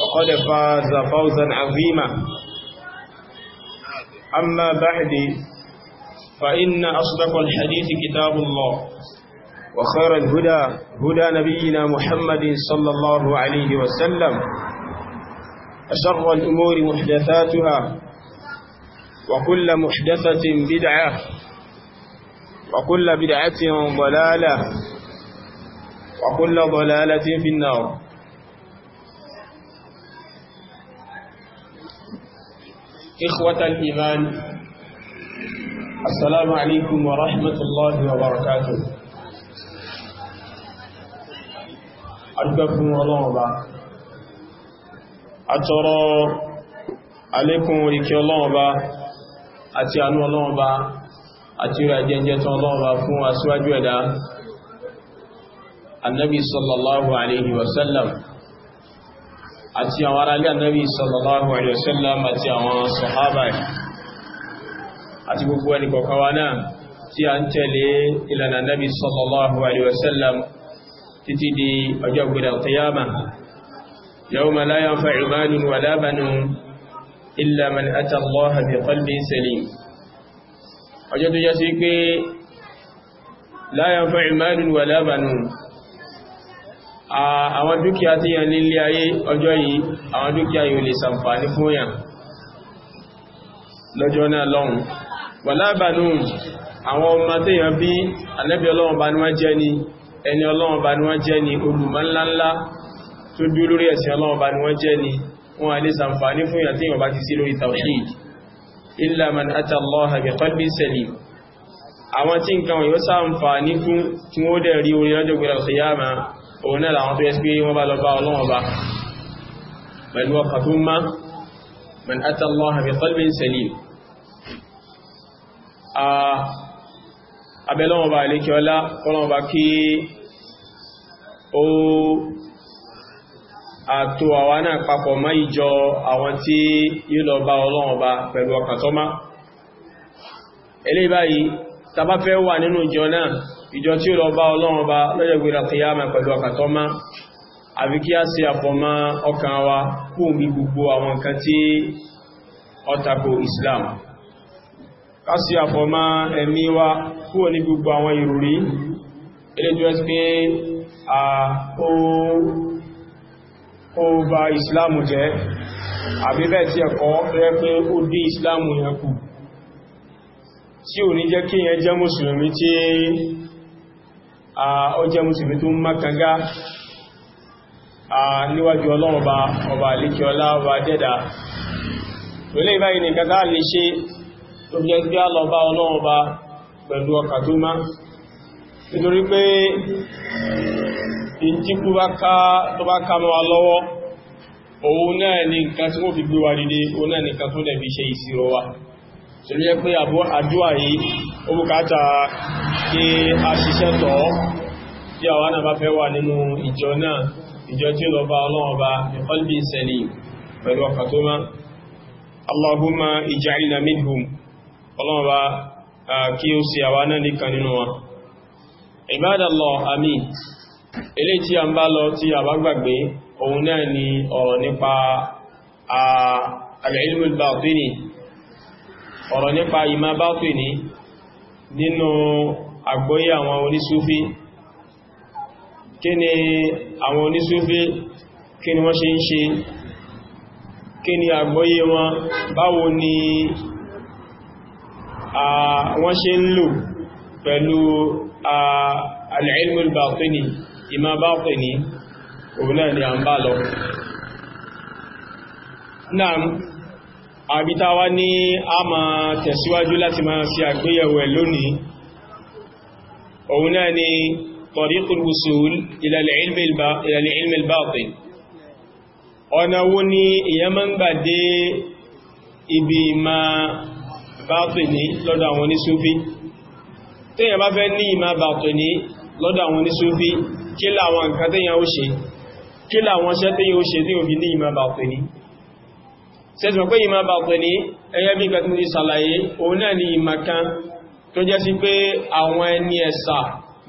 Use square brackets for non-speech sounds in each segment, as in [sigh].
وقد فاز فوزا عظيما أما بعد فإن أصدق الحديث كتاب الله وخير الهدى هدى نبينا محمد صلى الله عليه وسلم أشر الأمور محدثاتها وكل محدثة بدعة وكل بدعة ضلالة وكل ضلالة في النار إخوة الإيمان السلام عليكم ورحمة الله وبركاته أرجوكم الله با أترى عليكم إكي الله با أتي أنو الله با أتي رجنجة الله با فون أسواج ودا النبي صلى الله عليه وسلم àti àwọn ará ilé ànábì sallallahu alaihi wasallam àti àwọn sàhábà àti gbogbo ẹni kọ̀ọ̀kan wa náà tí a ń tẹ̀lé ìlànà ànábì sallallahu alaihi wasallam títí di ọjọ́ gbẹ̀rẹ̀ al-qiyama yawma la yanfa'u malun wala banun illa man àwọn dúkìá tí yàn nílé ayé ọjọ́ yìí àwọn dúkìá yìí lè sàǹfàní fún yàn lọ́jọ́ náà lọ́hun wà lábàánú àwọn ọmọ tí yàn bí alẹ́bí ọlọ́run bá ní wọ́n jẹ́ ni ẹni ọlọ́run bá ní fún tí illa man ata Allah salim àwọn tí nǹkan yóò sàǹfàní fún tí wọ́n dẹ̀ rí orí lọ́jọ́ gbẹ̀rẹ̀ òun náà àwọn tó yẹ pé wọ́n bá lọ bá ọlọ́wọ́ bá pẹ̀lú ọkà tó má man ata Allah bi qalbin salim abẹ́lọ́wọ́ bá ilé kí ọlá ọlọ́wọ́ bá kí ó àtò àwa náà papọ̀ má ìjọ àwọn tí yíò lọ bá ọlọ́wọ́ bá pẹ̀lú ọkà tó ìjọ tí ó lọ bá ọlọ́run bá lọ́jọ́gbèrè àkíyàmà pẹ̀lú ọkàtọ́má àbí kí a ṣe àfọ̀mọ́ ọkàn wa kún bí gbogbo àwọn nǹkan tí ó Islam ká ṣe àfọ̀mọ́ ẹ̀mí wa kún ní gbogbo àwọn ìrùrí eléjọ́ pé a ó bà Islam jẹ́ àbí bẹ́ẹ̀ tí ẹ̀kọ́ ò ní jẹ́ kí yẹn mùsùlùmí tí ó jẹ́ mùsùlùmí tó ń makanga níwájú ọlọ́run ba ọba alékiọlá ọba dẹ́dà ilé ìbáyìí ní kàtà lè ṣe tó jẹ́ sí alọ́bá ọlọ́run ba pẹ̀lú ọkà tó má nítorí pé ìjíkú tó bá ká mọ́ wa òun náà ni nǹkan tí wọ́n fi gbé wa dìde ó bùkátà kí a ṣiṣẹ́ tọ́ bí àwọn náà bá fẹ́ wà nínú ìjọ náà ìjọ tí ó lọ bá ọlọ́wọ́ bá qalbin salim pẹ̀lú ọkà tó má Allahumma ij'alna minhum ọlọ́wọ́ bá kí ó sì àwọn náà nìkan nínú wọn ọ̀rọ̀ nípa al-ilmul batini ọ̀rọ̀ nínú àgbọ́yé àwọn onísúfí kí ni àwọn onísúfí kí ni wọ́n ṣe ń ṣe kí ni àgbọ́yé wọn báwo ni wọ́n ṣe ń lò pẹ̀lú al-ilmul batini ìmá batini òun náà ni à ń bá lọ Naam, àbítáwá ní a ma tẹ̀síwájú láti máa sí àgbéyẹ̀wò ẹ̀ lónìí òun náà ni tariqul wusul ila al-ilm al-batin ọ̀nà wo ni èyàn máa ń gbà dé ibi ìmá bátìní lọ́dọ̀ àwọn onísúfí téèyàn bá fẹ́ ní ìmá bátìní lọ́dọ̀ àwọn onísúfí kí láwọn nǹkan téèyàn ó ṣe kí láwọn iṣẹ́ téèyàn ó ṣe tí òbí ní ìmá bátìní sẹ́tùmọ̀ pé ìmá bá pẹ̀ ní ẹyẹ bí kẹtùn ti sàlàyé òun náà ni ìmá kan tó jẹ́ sí pé àwọn ẹni ẹ̀sà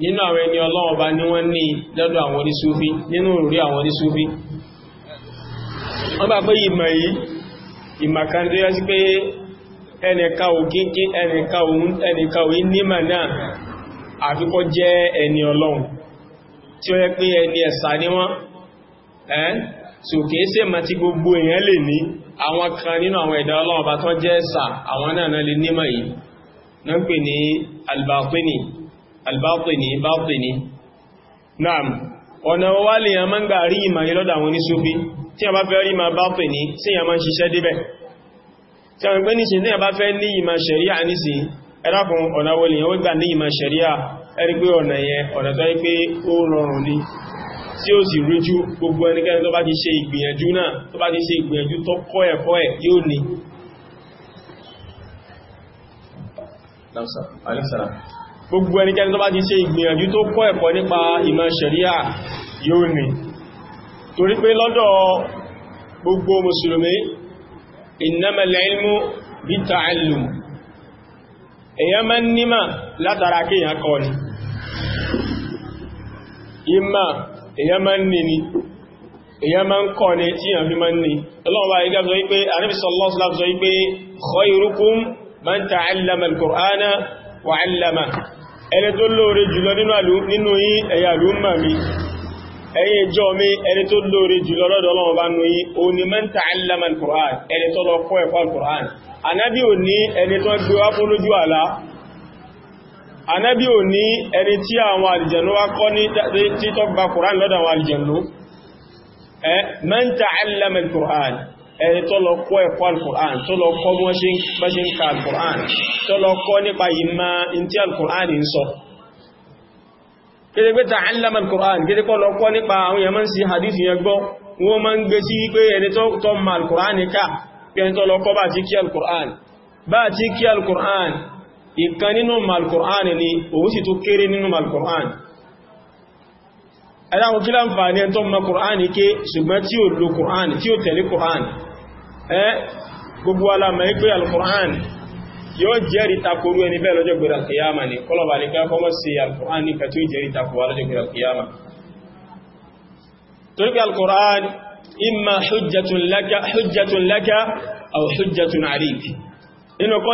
nínú àwọn ẹni Ọlọ́run Ọba ní wọ́n ní lọ́dọ̀ àwọn onísúfí nínú orí àwọn onísúfí wọ́n bá pé ìmá yìí ìmá kan tó jẹ́ sí pé ẹnìka òkíkí ẹnìka òun ni gbogbo èèyàn lè ní àwọn kan nínú àwọn ẹ̀dá ọlọ́ọ̀bá tó jẹ́ ẹ̀sà àwọn náà náà lè nímọ̀ yìí na ń pè ní albatini albatini batini naam ọ̀nà wá lè yàn máa ń gbà rí ìmọ̀ yìí lọ́dọ̀ àwọn oníṣúfí tí a bá fẹ́ rí ìmọ̀ batini sí yàn máa ń ṣiṣẹ́ débẹ̀ tí a gbé níṣin tí a bá fẹ́ ní ìmọ̀ ṣẹ̀ríà níṣì ẹ̀dàkùn ọ̀nà wọlìyàn ó gbà ní ìmọ̀ ṣẹ̀ríà ẹ̀rí pé ọ̀nà yẹn ọ̀nà tó yẹ pé ó rọrùn ni tí ó sì ríjú gbogbo ẹnikẹ́ni tó bá ti ṣe ìgbìyànjú náà tó bá ti ṣe ìgbìyànjú tó kọ́ ẹ̀kọ́ ẹ̀ yóò ní gbogbo ẹnikẹ́ni tó bá ti ṣe ìgbìyànjú tó kọ́ ẹ̀kọ́ nípa ìmọ̀ ṣẹ̀ríà yóò ní torí pé lọ́dọ̀ gbogbo mùsùlùmí innamal ilmu bitta'allum èyàn ìmọ̀ èyàn máa ń ní ni èyàn máa ń kọ́ ní tí èyàn fi máa ń ní ọlọ́run bá igá sọ wípé Ànábì sallallahu alaihi wasallam sọ wípé khairukum man ta'allama al-Qur'ana wa 'allama ẹni tó lóore jùlọ nínú yí ẹ̀yà lúmà mi ẹ̀yin ìjọ mi ẹni tó lóore ànábì ò ní ẹni tí àwọn àlìjẹ̀nú wá kọ́ ní títọ́ gba Kùrán lọ́dọ̀ àwọn àlìjẹ̀nú ẹ man ta'allama quran ẹni tó lọ kọ́ quran tó lọ kọ́ mọ́ quran tó lọ kọ́ nípa ìmá quran ń sọ kéde quran kéde kọ́ lọ kọ́ nípa àwọn yẹmọ́ sí hadith yẹn gbọ́ wọ́n máa quran ká pé ẹni tó lọ kọ́ bá quran bá ti quran ìkan nínú malkùránì ni òun sì tó kéré nínú malkùránì ẹ̀láwọn kí láǹfà ní ẹntọ́ ma kùránì ké ṣùgbọ́n tí ó lo kùránì tí ó tẹ̀lé kùránì ẹ gbogbo alamọ̀ ẹgbẹ́ alkùránì yóò jẹ́rì takoru ẹni bẹ́ẹ̀ lọ́jọ́ gbẹ̀rẹ̀ alkiyama ni kọlọ̀bà ní ká kọmọ́ sí alkùránì ka tí ó hujjatun laka aw hujjatun alayk nínú kó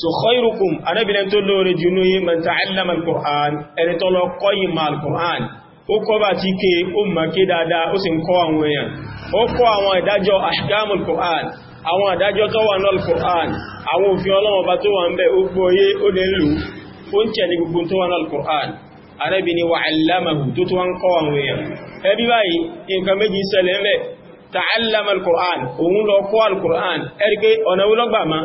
so khairukum arábìnrin tó lóore jùnú yí man ta'allama al-Qur'an ẹni tó lọ kọ́ ìmọ̀ al-Qur'an ó kọ́ bá ti ké ó mọ̀ ké dáadáa ó sì ń kọ́ àwọn èèyàn ó kọ́ àwọn ìdájọ́ ahkamul Qur'an àwọn ìdájọ́ tó wà ní al-Qur'an àwọn òfin ọlọ́wọ́ bá tó wà ń bẹ ó gbọ́yé ó lè lù ó ń tẹ̀lé gbogbo tó wà wa 'allamahu tó tó wà ń kọ́ àwọn èèyàn ẹbí báyìí nǹkan méjì ṣẹlẹ̀ ń bẹ ta'allama al-Qur'an òun lọ kọ́ al-Qur'an ẹ̀rí pé ọ̀nà wúlọ́gbà máa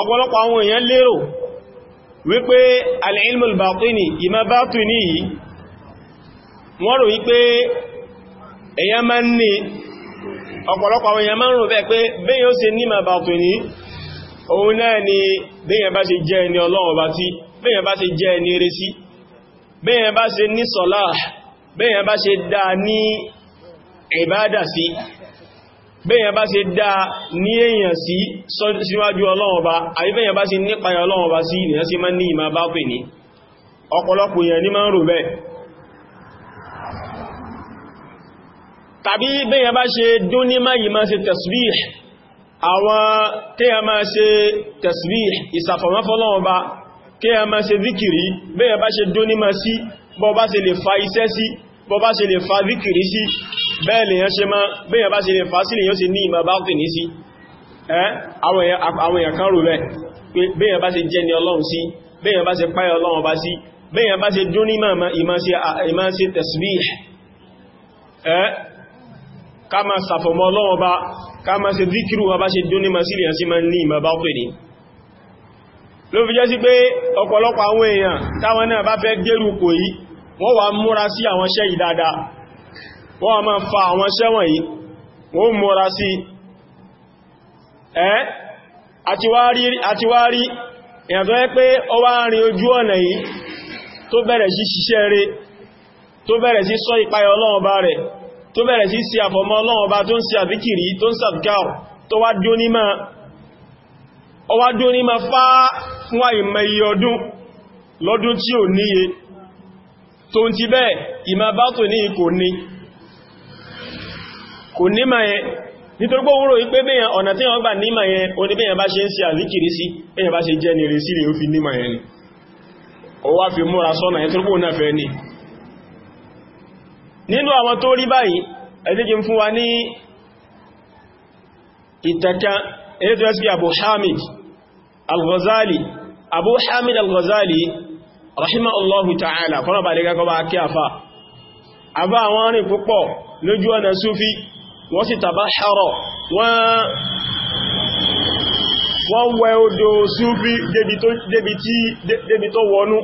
ọ̀pọ̀lọpọ̀ àwọn èèyàn lérò wípé al-ilmul batini ìmá bátìní yìí wọ́n rò wípé èyàn máa ń ní ọ̀pọ̀lọpọ̀ àwọn èèyàn máa ń rò bẹ́ẹ̀ pé bẹ́yàn ó ṣe ní ma bátìní òun náà ni bẹ́yàn bá ṣe jẹ́ ẹni ọlọ́run bá tí bẹ́yàn bá ṣe dá ní èyàn sí síwájú ọlọ́run ọba àbí bẹ́yàn bá ṣe nípayà ọlọ́run ọba sí ìrìnà sí máa ní ìmá bá pè ní ọ̀pọ̀lọpọ̀ èyàn ní máa ń rò bẹ́ẹ̀ tàbí bẹ́yàn bá ṣe dún ní máa yìí máa ṣe tasbih àwọn kéyàn máa ṣe tasbih ìsàfọ̀mọ́fọ́lọ́run ọba kéyàn máa ṣe zikiri bẹ́yàn bẹ́ẹ̀ lèyàn ṣe máa bẹ́yàn bá ṣe lè fásílì yóò ṣe ní ìmọ̀ bá tì ní sí àwọn èèyàn kan rò bẹ́ bẹ́yàn bá ṣe jẹ́ ní ọlọ́run sí bẹ́yàn bá ṣe páyà ọlọ́run bá sí bẹ́yàn bá ṣe dún ní ìmọ̀ ṣe tasbih ká máa sàfọ̀mọ́ ọlọ́run bá ká máa ṣe díkìrù wa bá ṣe dún ní ìmọ̀ sí lèyàn sí máa ní ìmọ̀ bá tì ní ló fi jẹ́ sí pé ọ̀pọ̀lọpọ̀ àwọn èèyàn táwọn náà bá fẹ́ gẹ́rù kò yí wọ́n wà múra sí àwọn iṣẹ́ yìí dáadáa wọ́n máa fa àwọn sẹ́wọ̀n yìí wọ́n múra sí ẹ́ àti wá rí ìyàtọ̀ ẹ́ pé ó wá rin ojú ọ̀nà yìí tó bẹ̀rẹ̀ sí ṣiṣẹ́ rẹ̀ tó bẹ̀rẹ̀ sí sọ ìpayọ Ọlọ́run Ọba rẹ̀ tó bẹ̀rẹ̀ sí sí àfọ̀mọ́ Ọlọ́run Ọba tó ń sí àbíkìrí tó ń sàbíkàù tó wá kò nímà yẹn nítorí pé wúrò wípé bíyàn ọ̀nà tí wọ́n gbà nímà yẹn o ní bíyàn bá ṣe ń ṣe àzíkiri sí bíyàn bá ṣe jẹ́ ní rẹ̀ sí lè ó fi nímà yẹn ni ó wá fi múra sọ́nà yẹn torípò náà fẹ́ ní nínú àwọn tó rí báyìí ẹ̀díkí Abu Hamid al-Ghazali Abu Hamid al-Ghazali rahimahullahu ta'ala kọ́nà bá lè gákọ́ bá kí àfà àbá àwọn arìn púpọ̀ lójú ọ̀nà súfí wọ́n sì tàbá ṣàrọ̀ wọ́n wẹ odò súfí débi tó wọnú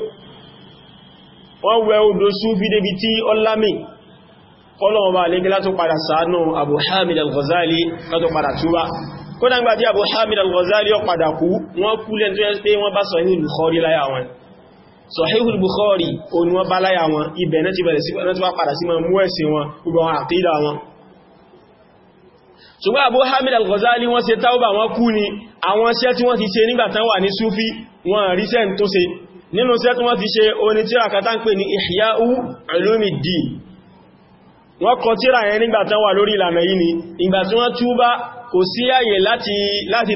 wọ́n wẹ odò súfí débi tí ọlámi kọlọ̀wọ̀n alẹ́gbẹ́ látó padà sàánú Abu Hamid al-Ghazali látó padà túbá kódà ń gbà tí Abu Hamid al-Ghazali ó padà kú wọ́n kú lẹ́n tó yẹ́ pé wọ́n bá Sahih al-Bukhari láyà wọn Sahih láyà wọn ibẹ̀ náà ti bẹ̀rẹ̀ sí padà mú ẹ̀sìn wọn gbogbo àwọn àkídà wọn ṣùgbọ́n Abu Hamid al-Ghazali wọ́n ṣe tauba wọ́n kú ni àwọn iṣẹ́ tí wọ́n ti ṣe nígbàtán wà ní Súfí wọ́n ríṣẹ́ tó ṣe nínú iṣẹ́ tí wọ́n ti ṣe oní tíra kátà ń pè ní Ihya'u Ulumuddin wọ́n kọ tíra yẹn nígbàtán wà lórí ìlànà yìí ni ìgbà tí wọ́n túbá kò sí àyè láti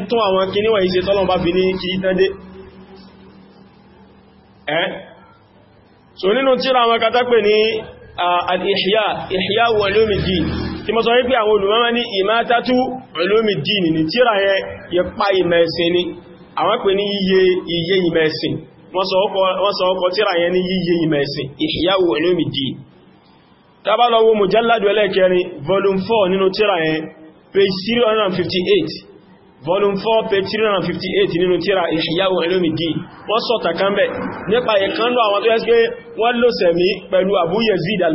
tún kí mọ́ sọ wípé àwọn olùmọ́mọ́ ní ìmátátú ulumi dìní ní tíra yẹ pa ìmọ̀ ẹ̀sìn ni àwọn pè ní yíye iye ìmọ̀ ẹ̀sìn wọ́n sọ ọkọ̀ tíra yẹn ní yíye ìmọ̀ ẹ̀sìn ìhìyàwó ulumi dìní tábàlọ́wọ́ mujalladu ẹlẹ́kẹrin volume 4 nínú tíra yẹn 358 volume 4 page 358 nínú tíra ìṣìyàwó ẹlòmìdí wọ́n sọ̀tà kan bẹ̀ nípa ìkánlọ àwọn tó yẹ́ pé wọ́n lò sẹ̀mí pẹ̀lú Abu Yazid al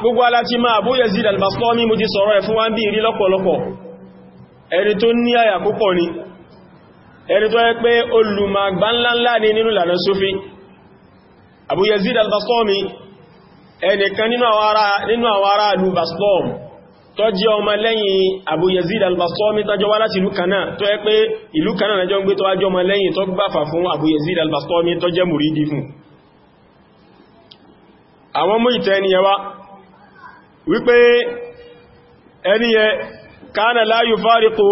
gbogbo aláti máa Abu Yazid al-Baslami mo ti sọ̀rọ̀ ẹ̀ fún wá ń bí ìrí lọ́pọ̀lọpọ̀ ẹni tó ní àyà púpọ̀ ni ẹni tó yẹ pé olùmọ̀gbà ńláńlá ni ìlànà Sufi Abu Yazid al-Baslami ẹnìkan nínú àwọn ará ìlú Baslam tó jẹ́ Abu Yazid al-Baslami tó jọ wá láti ìlú kanáà tó yẹ pé ìlú kanáà Abu Yazid al-Baslami tó jẹ́ àwọn mú ìtẹ́ ẹniyẹ wá wípé ẹniyẹ kánà la yufariqu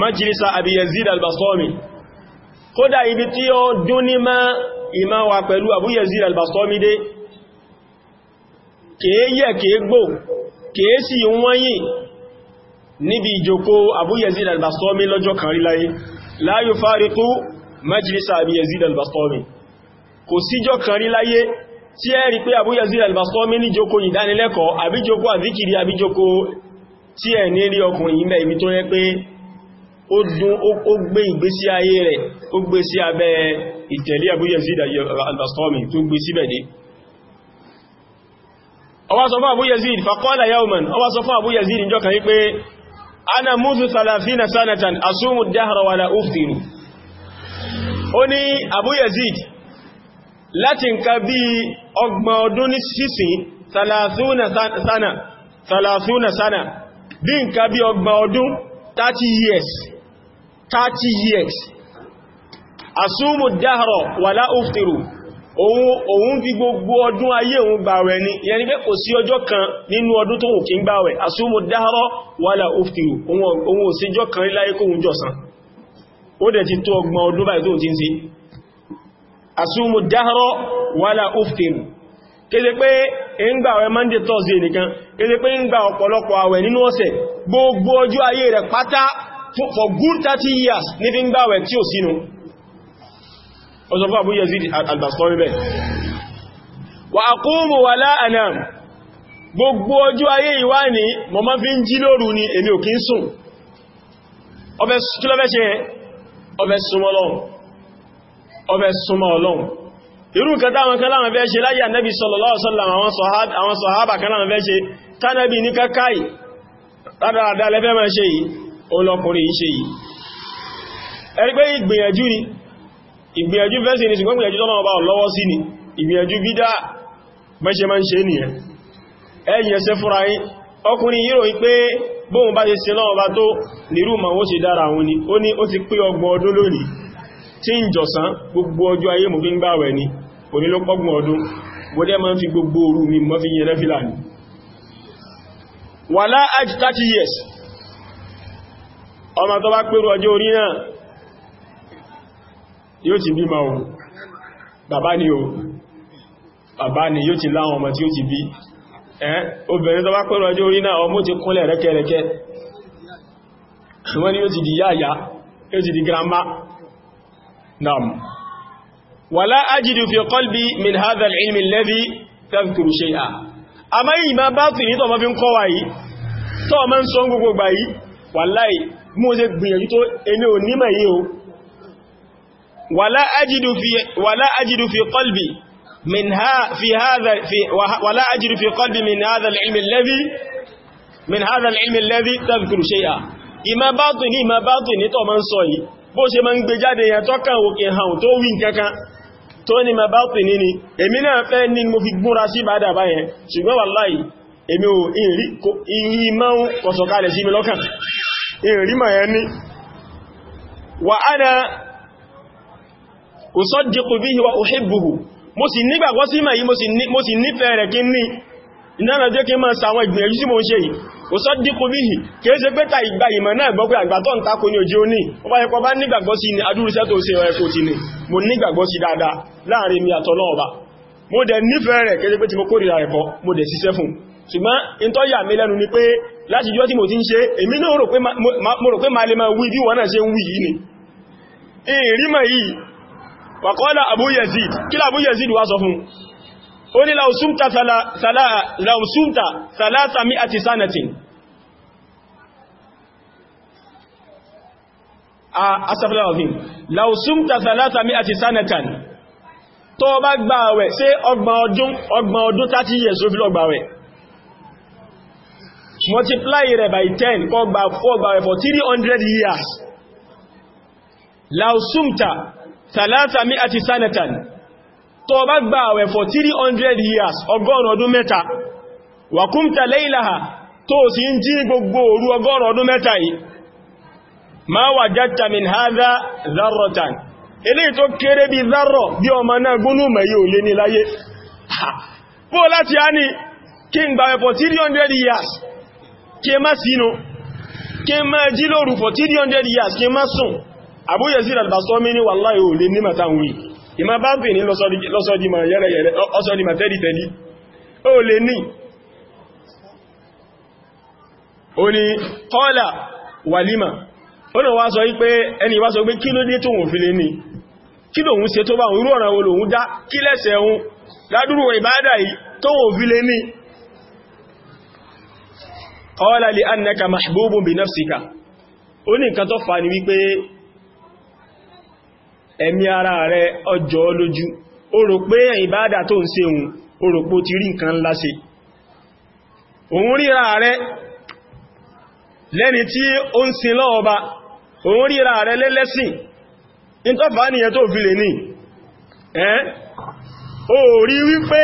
majlisa Abi Yazid al-Bastami kódà ibi tí ó dún ní má ìmá wa pẹ̀lú Abu Yazid al-Bastami dé kèé yẹ kèé gbò kèé sì wọ́nyìn níbi ìjòkó Abu Yazid al-Bastami lọ́jọ́ kan rí láyé la yufariqu majlisa Abi Yazid al-Bastami kò síjọ́ kan rí láyé tí ẹ rí pé Abu Yazid al-Bastami ní jókó ìdánilẹ́kọ̀ọ́ àbíjókó àzíkiri àbíjókó tí ẹ̀ ní rí ọkùnrin yìí mẹ́ ibi tó yẹ pé ó dún ó gbé ìgbésí ayé rẹ̀ ó gbé sí abẹ́ ìtẹ̀lé Abu Yazid al-Bastami tó gbé síbẹ̀ dé ó Abu Yazid faqala yawman ó Abu Yazid níjọ́ kan ana mudhu thalathina sanatan asumu ad wa la uftiru Abu Yazid láti nǹkan bí ọgbọ̀n ọdún ní sísìn salasuna sana bí nǹkan bí ọgbọ̀n ọdún 30 years 30 years asúmù dáhọ̀rọ̀ wà láúftìrù òun fi gbogbo ọdún ayé òun gbàwẹ̀ ni yẹn ni pé kò sí ọjọ́ kan nínú ọdún tó wù kí ń gbàwẹ̀ asúmù dáhọ̀rọ̀ wà láúftìrù òun ò sí ọjọ́ kan láyé kóhun jọ̀sán ó dẹ̀ ti tó ọgbọ̀n ọdún báyìí tó ti ń sí asúmù dáhọ́rọ́ wàlá uftiru kéde pé ń gbà monday thursday nìkan kéde pé ń ọ̀pọ̀lọpọ̀ àwẹ̀ nínú ọ̀sẹ̀ gbogbo ọjọ́ ayé rẹ̀ pátá for good 30 years ní fi tí ò sínú ọ̀sọ̀fún gbogbo ayé ọbẹ̀ súnmọ́ ọlọ́run irú nǹkan táwọn kan láwọn fẹ́ ṣe láyé ànẹ́bì sallallahu alaihi wasallam àwọn sọ̀hábà kan láwọn fẹ́ ṣe tánẹ́bì ní kákàí rádáradá lẹ́fẹ́ máa ṣe yìí olọ́kùnrin ni ìgbìyànjú fẹ́sì ni ṣùgbọ́n ìgbìyànjú tọ́nà ọba ọlọ́wọ́ sí ni ìgbìyànjú bídá mẹ́ṣe máa ń ṣe nìyẹn ẹ̀yìn ẹsẹ́ fúnra yín ọkùnrin yìí ròyìn pé bóhun bá ṣe ṣe náà ọba tó nírú màwó ṣe dára àwọn ni ó ní ó ti pé ọgbọ̀n ọdún lónìí tí ń jọsán gbogbo ọjọ́ ayé mo fi ń gbààwẹ̀ ni òní ọdún gbọ́dẹ́ ma ń fi gbogbo òru mi mọ́ fi yẹ rẹ́fìlà ni wà láàájì 30 years ọmọ tó bá ọjọ́ orí náà yóò ti bí ma o bàbá ni o bàbá ni yóò ti láwọn ọmọ tí ó ti bí obìnrin tó bá ọjọ́ orí náà ọmọ ti نعم ولا أجد في قلبي من هذا العلم الذي تذكر شيئا أما إما إيه باطني إيه طبعا في قوائي طبعا kọ́ wa والله tó ma ń sọ gbogbo gbà ولا أجد في ولا أجد في قلبي من ها في هذا في ولا أجد في قلبي من هذا العلم الذي من هذا العلم الذي تذكر شيئا إما إيه باطني إما باطني طبعا ma bó ṣe ma ń gbé jáde yẹn tọ́kàn òkè hàn tó wí nkankan tó ní ma bá pè níní èmi náà fẹ́ ní mo fi sí bá dàbá yẹn ṣùgbọ́n èmi ò máa ń sí mi lọ́kàn ma yẹn ní wà ánà òsọ́dẹ̀kù bí wa òhìbùhù mo sì nígbàgbọ́ sí mà yìí mo sì nífẹ̀ẹ́ rẹ̀ kí ní ìdánà jẹ́ kí ma sàwọn ìgbìyànjú sí mo ń ṣe yìí òsọ́díkò bíhì kìí ṣe pẹ́ta ìgbà ìmọ̀ náà gbọ́ pé àgbàtọ́ ń tako ní ojú ó ní ó bá bá nígbàgbọ́ sí ni adúrúṣẹ́ tó ṣe ẹ̀kọ́ ti ní mo nígbàgbọ́ sí dáadáa láàrin mi àtọ́lọ́ọ̀bá mo dẹ̀ nífẹ̀ẹ́ rẹ̀ kéde pé ti mo kórìíra rẹ̀ kọ́ mo dẹ̀ ṣiṣẹ́ fún ṣùgbọ́n in tó yà mí lẹ́nu ma lè máa wí bí wọ́n náà ṣe ń wí yìí ni ìrìmọ̀ yìí Abu Yazid kí lá Abu Yazid wá sọ fún ó ní lausumta salata mi'ati sanatin asafila ọ̀fin lausumta salata mi àti sanatan tó bá gba àwẹ̀ ṣe ọgbọ̀n ọdún ọgbọ̀n ọdún 30 years ló fi lọ gba àwẹ̀ multiply rẹ̀ by 10 kó gba fọ́ gba àwẹ̀ for 300 years lausumta salata mi àti sanatan tó bá gba àwẹ̀ for 300 years ọgọ́rùn ọdún mẹ́ta wàkúmta laylaha tó sì ń jí gbogbo òru ọgọ́rùn ọdún mẹ́ta yìí ma wajadta min hadha dharratan ilé tó kéré bí dharra bí ọmọ náà gúnnù mẹ́yẹ òye ní láyé bó láti á ní kí n gbàwẹ̀ for 300 years kí má sínú kí má jí lóru for 300 years kí má sùn Abu Yazid al-Bastami ní wallahi òye ní màtàwí ìmá bá pè ní lọ́sọ́dí yẹ́rẹ̀yẹ̀rẹ̀ ọsọ́dí ma tẹ́lítẹ́lí lè ní ó ní qala walima o náà wá sọ wípé ẹni wá sọ pé kí ló dé tó wọ́n fi lè ní kí lòun se tó bá òun irú ọ̀nà lòun dá kí lẹ́sẹ̀ òun ládúrú ìbádà yìí tó wọ́n fi lè ní qala annaka mahbubun bi nafsika ó ní nǹkan tó fà ní wípé ẹ̀mí ara ọjọ́ lójú ó rò pé ìbádà tó ń òun ríra rẹ̀ lẹ́lẹ́sìn ní tó bá nìyẹn tó fi lè ní ẹ́ o rí wípé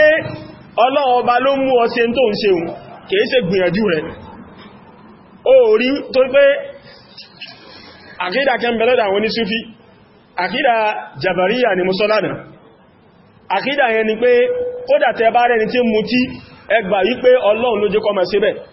ọlọ́ọba ló mú ọ ṣe tó ń ṣeun kìí gbìyànjú rẹ̀ o rí tó pé àkídà kẹmbẹ̀lọ́dà àwọn àkídà jàbàríyà ni musọ́lánà àkídà yẹn ni pé kódà tẹ bá tí mú tí ẹgbà wípé ọlọ́run ló jẹ́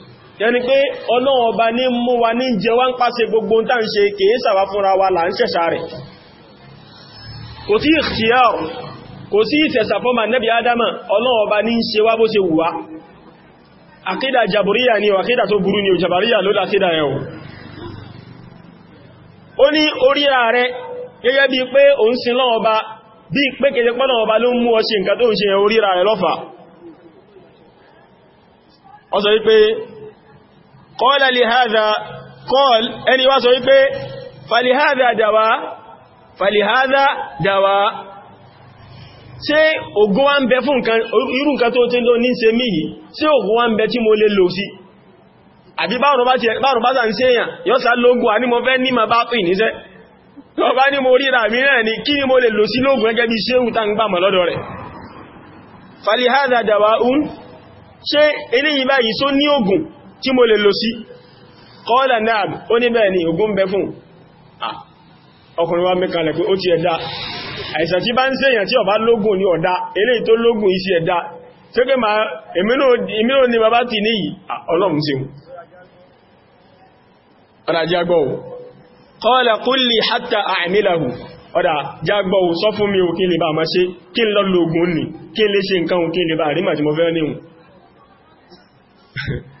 yẹni pé ọlọ́run ọba ní mú wa ní jẹ wá ń pàṣẹ gbogbo ń tàn ṣe kìí sàwá fúnra wa là ń ṣẹ̀ṣà rẹ̀ kò sí ikhtiyar kò sí ìṣẹ̀ṣà fún nẹ́bí adama ọlọ́run ọba ní ṣe wá bó ṣe wùwá àkídà ni àkídà tó ni ò jàbàríyà ló lákídà yẹn o ó ní orí ààrẹ gẹ́gẹ́ bí pé òun sin lọ́wọ́ ọba bí pé wípé قال لهذا قال أني واسوي فلهذا دواء فلهذا دواء ṣe ògùn wá ń bẹ fún irú nǹkan tó tí ló ní ṣe mí yìí ṣe ògùn wá ń bẹ tí mo lè lò sí àbí báwọn bá sà ń ṣe èyàn yọ́sà lógún à ní mo fẹ́ ní ma bá pì níṣẹ́ tó bá ní mo ríra mi náà ni kí mo lè lò sí lógún gẹ́gẹ́ bí ṣe òun tàǹgbà mọ̀ lọ́dọ̀ rẹ̀ falihada dawa un ṣe eléyìí báyìí só ní ògùn tí mo lè lò sí kọ́ọ̀lá náà ó ní bẹ́ẹ̀ ni ogun bẹ fún ọkùnrin wa mẹ́kànlẹ̀ pé ó ti ẹ̀dá àìsàn tí bá ń ṣèyàn tí ọba lógún ní ọ̀dá eléyìí tó lógún isi ẹ̀dá tí ó kẹ́ máa èmínú ni bàbá ti níyì ọlọ́run sí ọ̀dá jágbọ́ sọ fún mi ò kí lè bá máa ṣe kí lọ lógún ní kí lè ṣe nǹkan kí lè bá rí màtí mo fẹ́ níhùn [laughs]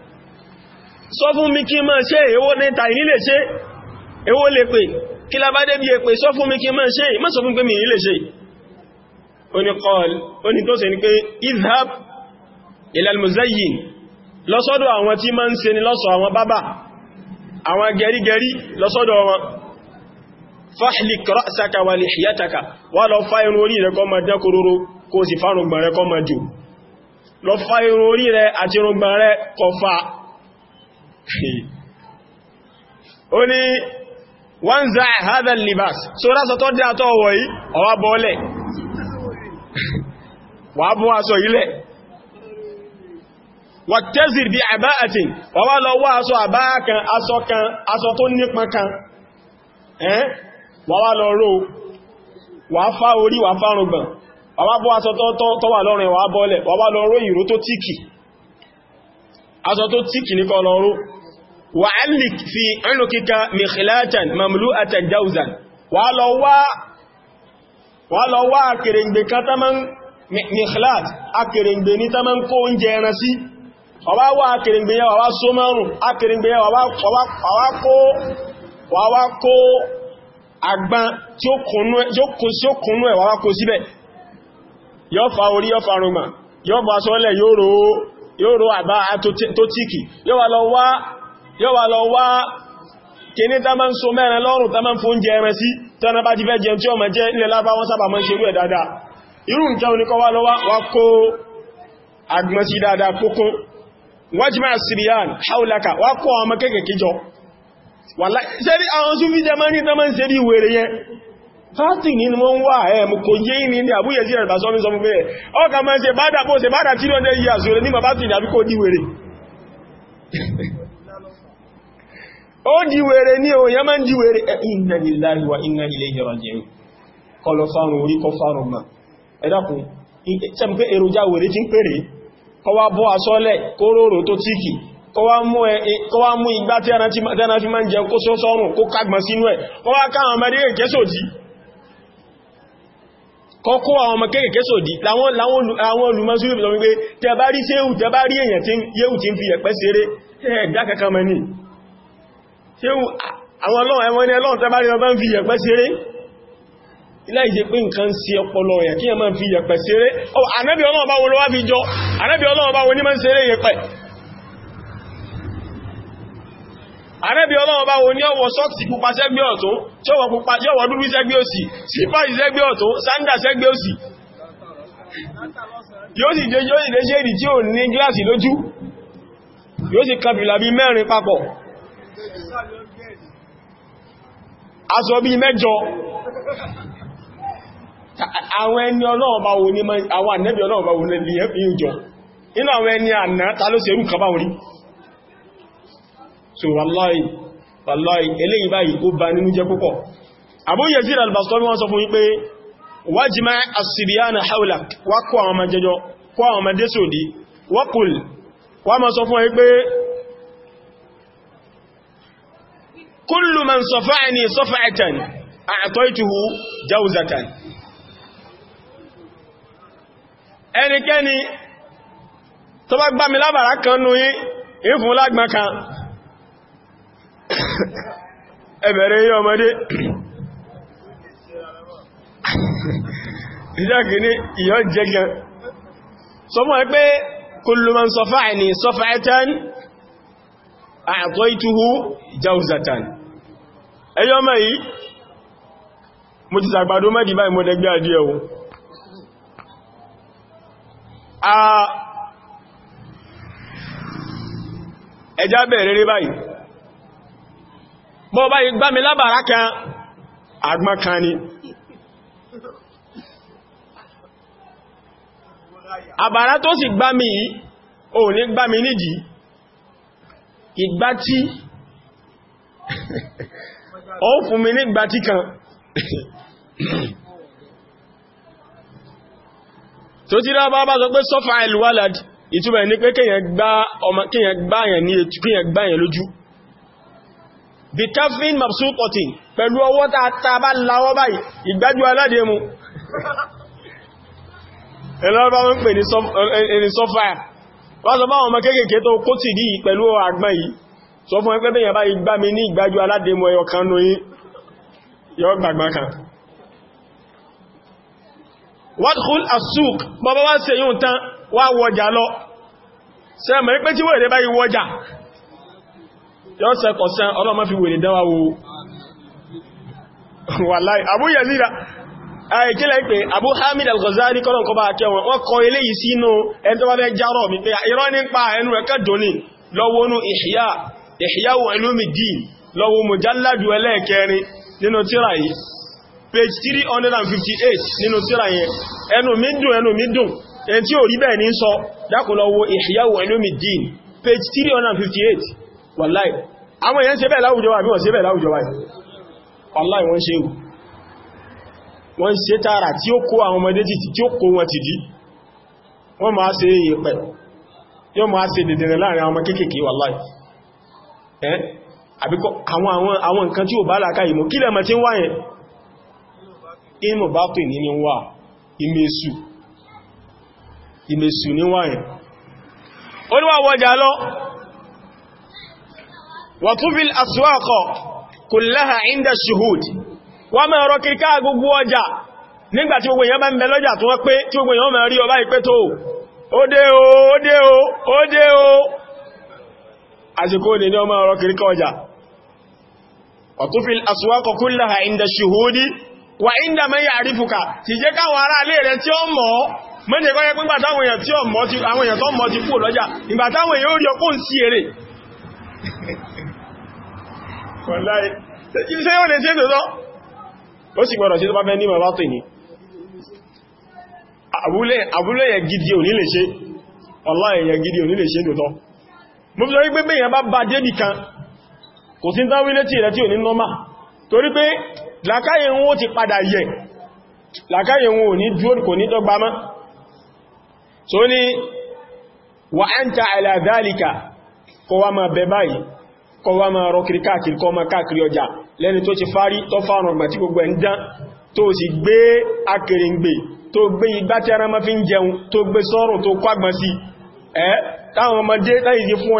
sọ fún mi kí máa ṣe èwo ní ta ìnílè ṣe èwo lè pè kí lábá dé bí è pè sọ fún mi kí máa ṣe má sọ fún pé mi ìnílè ṣe oní kọl oní tó ṣe ní pé idhab ilalmuzayyin lọ́sọ́dọ̀ àwọn tí máa ń ṣe lọ fá irun orí rẹ̀ kó irun orí rẹ̀ àti ó ní wọ́n zá libas so rásọ tó dá tó wọ̀ yí ọwá bọ́ọ̀lẹ̀ wà bọ́ [laughs] aṣọ ilẹ̀ wà tẹ́zìr bí àbá àti wà lọ aṣọ àbá kan aṣọ kan aṣọ kan ẹ́n wà wá lọ ró wà fá orí wà fárùngbọ̀n wà bọ́ aṣọ tó wà lọ́rin wà lọ ró ìró tó tíkì aṣọ tó tíkì ní kọlọrú wà alik fi ẹnu kíka mikhilatan mamlu'atan jawzan wà lọ wá akèrèǹgbè kan taman mikhilat akèrèǹgbè ní taman kó oúnjẹ ẹran sí ọwá wá akèrèǹgbè yẹ wà só márùn akèrèǹgbè yẹ wà kó àgbọn tí ó kúnnú yóò ro àbá tó tíkì yóò wà lọ wá kìíní tá máa ń so mẹ́rin lọ́rùn tá máa ń fún jẹ ẹran sí tọ́nà bá ti fẹ́ jẹun tí ọmọ jẹ́ ilẹ̀ lábá wọn sábà máa ń ṣerú ẹ̀ dáadáa irú nǹkan oníkọ́ wá lọ́wọ́ wá kó agbọn sí dáadáa kókún wájímá siriyan haulaka wá kó ọmọ jọ 30 ni wọ́n wà ẹ̀mù kò yé ní ní àbúyẹ̀ sí ẹ̀rẹ̀bà sọ́mí sọmú pé ọkà máa ṣe bádà bó ṣe bádà 300 years rẹ̀ ní a tìrì àbíkò díwèrè ó díwèrè ní òyìn máa ń díwèrè inna lillahi wa ihe ilayhi raji'un kọlọ fárún orí kọ fárún ma ẹ̀dàkùn ìtẹ́m pé èròjà wèrè tí ń pèrè kọ́kọ́ àwọn ọmọ kéèkéé sòdí láwọn olùmọ́sílù sọ wípé tẹbá rí séhù tẹbá rí èyàn tí yéhù tí ń fi ẹ̀pẹ́ seré ẹ̀dá kankan mọ́ ní séhù àwọn ọlọ́run ẹwọ́n ní ọlọ́run tẹbá rí ọmọ ń fi ẹ̀pẹ́ seré iláìsẹ́ pé nǹkan sí ọpọlọ ẹ̀kí ẹ̀mọ́ fi ẹ̀pẹ́ seré àrẹ́bí ọlọ́wọ́ bá wọn ní ọwọ́ sọ́ọ̀sì pupa sẹ́gbẹ́ ọ̀tún tí ó wọ pupa tí ó wọ dúdú sẹ́gbẹ́ òsì sípáì sẹ́gbẹ́ ọ̀tún sándà sẹ́gbẹ́ òsì yóò sì jẹ́ yóò sì lé ṣéèdì tí ò ní gíláàsì lójú yóò sì kàbìlà bí mẹ́rin papọ̀ aṣọ bí mẹ́jọ àwọn ta ló ṣerú kan bá wọn so wallahi wallahi eléyìí báyìí ó ba nínú jẹ́ púpọ̀ Abu Yazid al-Bastami wọ́n sọ fún wípé wajma as-sibyana hawlak wá kó àwọn ọmọ jẹjọ kó àwọn ọmọ désòdí waqul wá ma sọ fún ẹ pé kullu man safa'ani safa'atan a'taytuhu jawzatan ẹnikẹ́ni tó bá gbá mi lábàrá kan nú yí ìfún lágbà ẹbẹ̀rẹ̀ yí ọmọdé ìjọ́kì ní ìyọ́ jẹgẹ sọmọ́ ẹ pé kùlùmọ̀ sọfà ẹni sọfà ẹtàn àtọ́ ìtúhú jauzatan ẹyọ́ mọ̀ yìí mo ti sàgbàdó mẹ́dì báyìí mo dẹgbẹ́ àdí ẹ̀wọ̀ ẹjá bẹ̀rẹ̀ rí báyìí bọ́ bá igbá mi lábàrá kan agbọ́n kan ni àbàrá tó sì gbá mi yìí ò ní gbá mi níjì ìgbá tí ó fún mi ní ìgbá tí kan tó tí rá bá bá sọ pé sọ́fà ìlú wálàdì ìtumọ̀ ní pé kíyàn gbá yẹn lójú bí káfíìn mabsutotin pẹ̀lú ọwọ́ ta ta bá láwọ́ báyìí ìgbájú aládé mu ẹlọ́rọ̀ bá wọ́n pè ní sọ́fàá wọ́n sọ báwọn ọmọ kéèkèé tó kó tì ní pẹ̀lú àgbọ́n yìí sọ fún ẹgbẹ́ bẹ́yàn bá igbá mi ní ìgbájú aládé mu ẹyọ kan lóyìn yọ gbàgbà kan wadkhul as-suq bọ́bá wá se yóò tán wá wọjà lọ sẹ́mọ̀ pé tí wọ́n èdè báyìí wọjà yọ́ sẹ́kọ̀ọ́sán ọlọ́mọ́ fi wèrè dánwà wo wàláì Abu Yazid àìkílẹ̀ eh, pé Abu Hamid al-Ghazali kọ́nà kọba akẹwọn wọ́n kọ eléyìí sínú ẹni tó bá fẹ́ járọ̀ mi pé irọ́ nípa ẹnu ẹ̀kẹ́ dòní lọ́wọ́nú Ihya Ihya Ulumuddin lọ́wọ́ mujalladu ẹlẹ́ẹ̀kẹrin nínú tíra yìí page 358 nínú tíra yẹn ẹnu mi dùn ẹnu mi dùn ẹni tí ò rí bẹ́ẹ̀ ní sọ dákùnlọ́wọ́ Ihya Ulumuddin page 358 wàláì àwọn èèyàn ṣe bẹ́ẹ̀ láwùjọ wa wọ́n ṣe bẹ́ẹ̀ láwùjọ wa wàláì wọ́n ṣe wọ́n ṣe tààrà tí ó kó àwọn ọmọdé tí ó wọn ti dí wọ́n máa ṣe èyè pẹ̀ yóò máa ṣe dìdìrìn láàrin àwọn kekeke wàtúfil aswákọ̀ kùláhà inda shuhud wọ́n mẹ́ ọ̀rọ̀ kìríká gbogbo ọjà nígbàtí gbogbo èèyàn bá ń bẹ lọ́jà tó wọ́n pé tí gbogbo èèyàn mẹ́ rí ọba ìpé tó ó dé o ó dé o ó dé tí ó mọ̀ ti kú lọ́jà ìgbàtàwọn èèyàn ó rí ọkùn sí eré wàláyé ṣe yóò lè ṣe tòótọ́ ó sì gbọ́dọ̀ sí tó bá fẹ́ ní mọ̀ látò ní àbúlé yẹ gidi òní lè ṣe wàláyé yẹ gidi òní lè ṣe tòótọ́ mo fi sọ wípé bẹ́yàn bá bá débì kan kò sí dáwílé tí rẹ̀ kọ wá máa rọ kiri káàkiri kọ máa káàkiri ọjà lẹ́ni tó ti fárí tó fáràn ọgbà tí gbogbo ẹ̀ ń dán tó sì gbé akèrèǹgbè tó gbé igbá tí ara máa fi ń jẹun tó gbé sọ́rùn tó kó àgbọn sí ẹ́ táwọn ọmọdé láì sí fún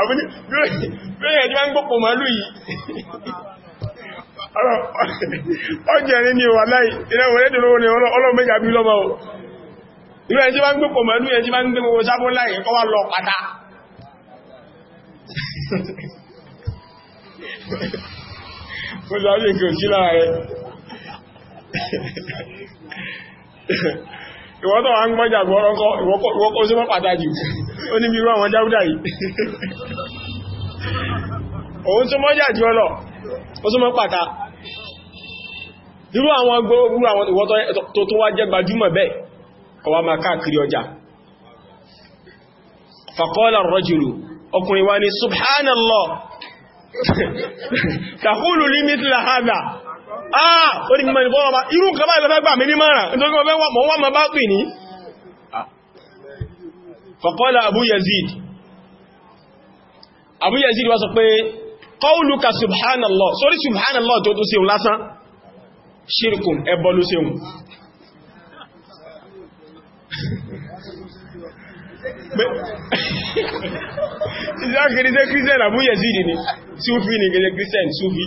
àbúní bí èyàn jẹ́ ń gbópo màálù yìí ọjẹ́rin ni wà láì ìrẹ́wọ̀rẹ́ dìrówó ni ọlọ́run méjà bí lọ́mọ o ìwé ẹjí bá ń gbópo màálù ẹjí bá ń gbé gbogbo sábó láì kọ́ wá lọ pátá ó sọ ìwọ́tọ̀ wọ́n ń gbọ́jà gbọ́rọ́kọ́ ìwọ́kọ́ sí mọ́ pàtàkì ó ní bírú àwọn dáúdà yìí òun tó mọ́jà jí ọlọ́ ó tó mọ́ pàtà irú àwọn gbogbo àwọn tó wá jẹ́ [laughs] ah orí mímọ̀ ní fọ́wọ́ bá irú nǹkan báyìí lọ́fẹ́ gbà mí ní mọ́ràn nítorí wọ́n fẹ́ wọ́n wọ́n ma bá pè ní faqala Abu Yazid Abu Yazid wá sọ pé qawluka subhanallah sórí subhanallah tó tó sí òun lásán ṣírkùn ẹbọ ló sí òun ìzákìrí jẹ́ kírísẹ̀ Abu Yazid ni Sufi ni gẹ́gẹ́ kírísẹ̀ Sufi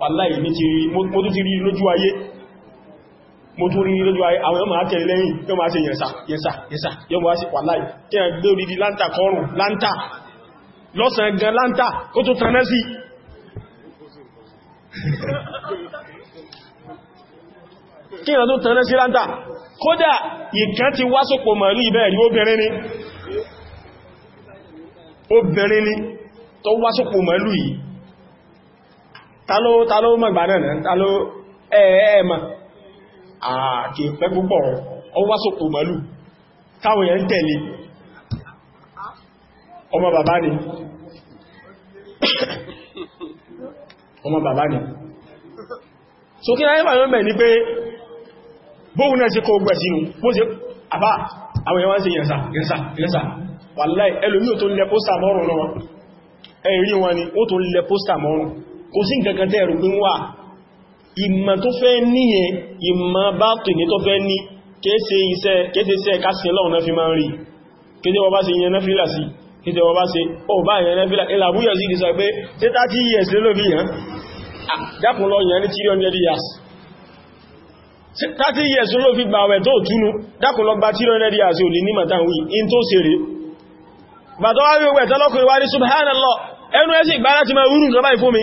wàláì ní ti rí mo tún ti rí lójú ayé mo tún rí lójú ayé àwọn ọmọ akẹ́ lẹ́yìn yóò máa ṣe yẹ̀sà yẹ̀sà yẹ̀sà yóò máa ṣe wàláì kí ẹ gbé orí di láńtà kọrùn láńtà lọ́sàn gan láńtà kó tó tanẹ́ sí kí ẹ tó tanẹ́ sí láńtà kódà ìkan ti wá sópò màálù ìbẹ̀ẹ̀rí táló táló mọ̀gbà náà táló ẹ̀ẹ̀mà àti pẹ́ púpọ̀ ọ wá sókò màlú táwọn èèyàn tẹ̀lé ọmọ bàbá ni ọmọ bàbá ni so kí láyé bàbá mẹ́ ní pé bóhun náà ṣe kó gbẹ̀ sínú bó ṣe àbá àwọn èèyàn ṣe yẹnsà yẹnsà yẹnsà wàláì ẹlòmí ò tó lẹ pósà mọ́rùn náà ẹ̀rí wọn ni ó tó lẹ pósà mọ́rùn kò sí nǹkan kan tẹ́rù pín wà ìmọ̀ tó fẹ́ níyẹn ìmọ̀ bá tò ní tó fẹ́ ní kéèsè iṣẹ́ kásìn lọ́wọ́ náà fi máa ń rí kéèsè wọ́n bá ṣe yẹn náà fílà sí kéèsè wọ́n bá ṣe ọ bá yẹn náà fílà ìlàbúyọ̀ sí ìdísọ pé tí tá tí yẹ̀ sí lóbi yẹn jápùn lọ yẹn ní 300 years 30 years ló fi gbà wẹ̀ tó túnú dákùn lọ gba 300 years ò lè ní màtàwí in tó ṣeré bàtọ́wà wíwẹ̀ tọ́lọ́kùnrin wá ní subhanallah ẹnu ẹ́sì ìgbà láti máa wúrù nǹkan báyìí fún mi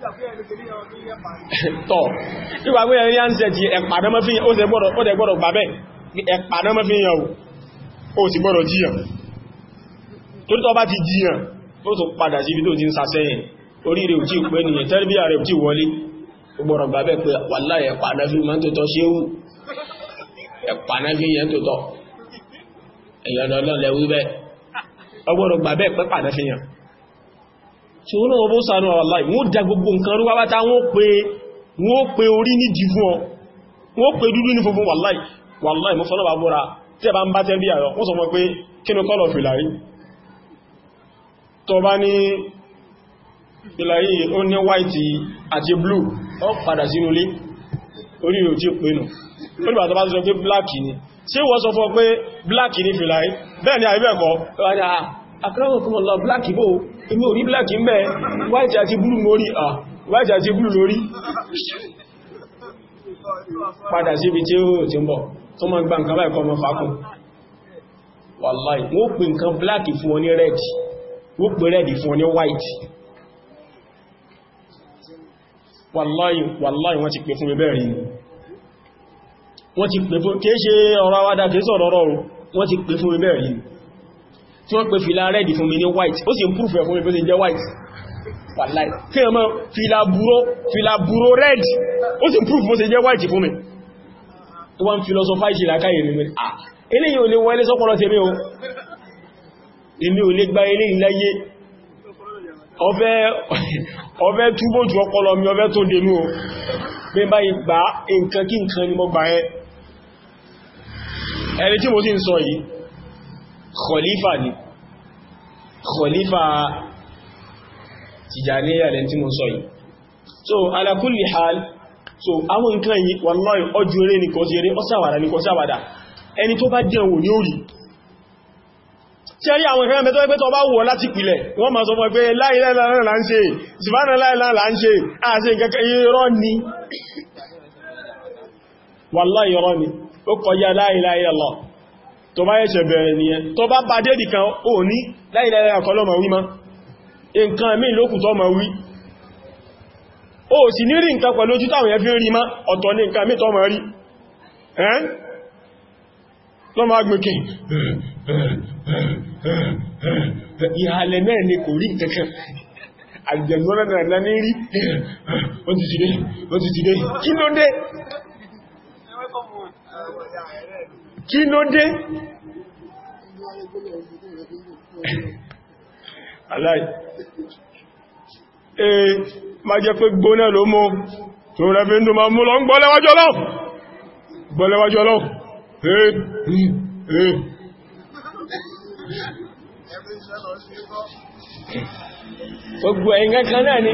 tọ́ nígbà pé ẹ̀rí àǹsẹ̀ ti ẹ̀pà náà mọ́ fi yàn ó sì gbọ́dọ̀ gbà bẹ́ẹ̀ ẹ̀pà náà mọ́ fi yàn ó sì gbọ́dọ̀ jíyàn torí tọ́ bá ti jíyàn ó tó padà sí ibi tó ti ń sàṣẹ́yìn orí rẹ̀ òjì pé nìyàn tẹ́rìbíyà rẹ̀ òjì wọlé gbọ́dọ̀ gbà bẹ́ẹ̀ pé wàláhì ẹ̀pà náà fi máa ń tó tọ́ ṣe ó ẹ̀pà náà fi yàn tó tọ́ ẹ̀yọ̀dọ̀ ọlọ́lẹ̀ wí bẹ́ẹ̀ ọgbọ́dọ̀ gbà bẹ́ẹ̀ pẹ́pà náà fi yàn tí wọ́n náà bó sànú wallahi wọ́n dá gbogbo nǹkan rú wábátá wọ́n pé orí ní jí fún ọ wọ́n pé dúdú ní funfun wallahi wallahi mọ́ fọ́nà bàbúra tí ẹ bá ń bá tẹ́ bí àyọ wọ́n sọ mọ́ pé kí ni kọ́lọ̀ fìlàrí tó blue ó padà sínú ilé orí rẹ̀ tí ó pé nù ó nígbà tó bá sọ pé ni ṣé wọ́n sọ fún pé black ni èmi ò black ń bẹ́ white àti blue lórí Ah, white àti blue lórí padà síbi tí ó ti ń bọ̀ tó máa gba nǹkan báyìí kọ́ ọmọ fàákùn wàláì wọ́n pè nǹkan black fún ọ red wọ́n pè red fún ọ white wàláì wàláì wọ́n ti pè fún ẹbẹ́ rí wọ́n ti pè fún kéèṣe ọ̀rọ̀ àwádà kéèṣe ọ̀rọ̀ ọ̀rọ̀ wọ́n ti pè fún ẹbẹ́ rí tí wọ́n pè fìlà red fún mi ní white ó sì ń proof ẹ̀ fún mi bó ṣe jẹ́ white wàláì kí ẹmọ fìlà búró red ó sì ń proof bó ṣe jẹ́ white fún mi tó wá ń philosophize ìlàkáyè rẹ̀ mẹ́rin ah eléyìí ò lè wọlé sọ́pọ̀lọ́ tèmi o èmi ò lè gba eléyìí láyé ọfẹ́ túbòjù ọpọlọ mi ọfẹ́ tó dènú o bí bá ìgbà nǹkan kí nǹkan ni mo gbà ẹ ẹni tí mo ti ń sọ yìí khalifa ni khalifa Tijaniya lẹ́n tí mo sọ yìí so ala kulli hal so àwọn nǹkan yìí wallahi ọjọ́ eré ní kọ́ sí eré ọsàwàdà ní kọ́ sàwàdà ẹni tó bá jẹ́ òun ní orí tí a rí àwọn ìfẹ́ mẹ́tọ́ ẹgbẹ́ tó bá wọ̀ láti pìlẹ̀ wọ́n ma sọ mọ́ pé láìláìláìláà là ń ṣe ìsìbánà láìláìláà ń ṣe àṣẹ ìkẹ́kẹ́ irọ́ ni wallahi irọ́ ni ó kọjá láìláìláà tó bá yẹ́ṣẹ̀ bẹ̀rẹ̀ nìyẹn tó bá bá dédì kan ò ní láìlẹ́lẹ́ ọ̀kọ́lọ́mọ̀ wí ma nǹkan mí lókù tó ma wí ó sì ní rí nǹkan pẹ̀lú ojú táwọn ma ọ̀tọ̀ ní nǹkan mí tó ma rí ẹ́n lọ ma gbẹ̀kẹ̀ ìhàlẹ̀ náà ni kò rí kẹ́kẹ́ àjẹ̀lọ́rẹ̀ náà lẹ́ni rí wọ́n ti ti dé kí ló dé kí ló dé aláì ee eh, ma jẹ́ pé gbóná ló mọ́ tó rẹ̀ fi ń dùn ma mú lọ ń gbọ́lẹ́wájọ́ lọ gbọ́lẹ́wájọ́ lọ ee eh, ee eh, gbogbo ẹ̀yìn kankan náà ni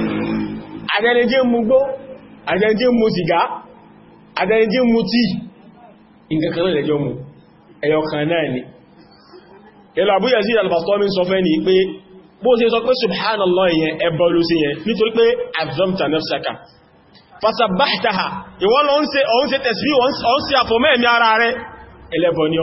àjẹ́nijẹ́ mú gbó àjẹ́nijẹ́ mú sìgá àjẹ́nijẹ́ mú tí nǹkan náà lẹ́jọ́ mú ẹyọkan náà ni ilẹ̀ Abu Yazid al-Bastami sọ fẹ́ ni pé bó ṣe sọ pé subhanallah yẹn ẹbọ ló sí yẹn nítorí pé azamta nafsaka fasabahtaha ìwọ́n lọ ń ṣe tẹ̀sí wọ́n sí àfọ́mẹ́ẹ̀mí ara rẹ̀ ẹlẹ́bọ ni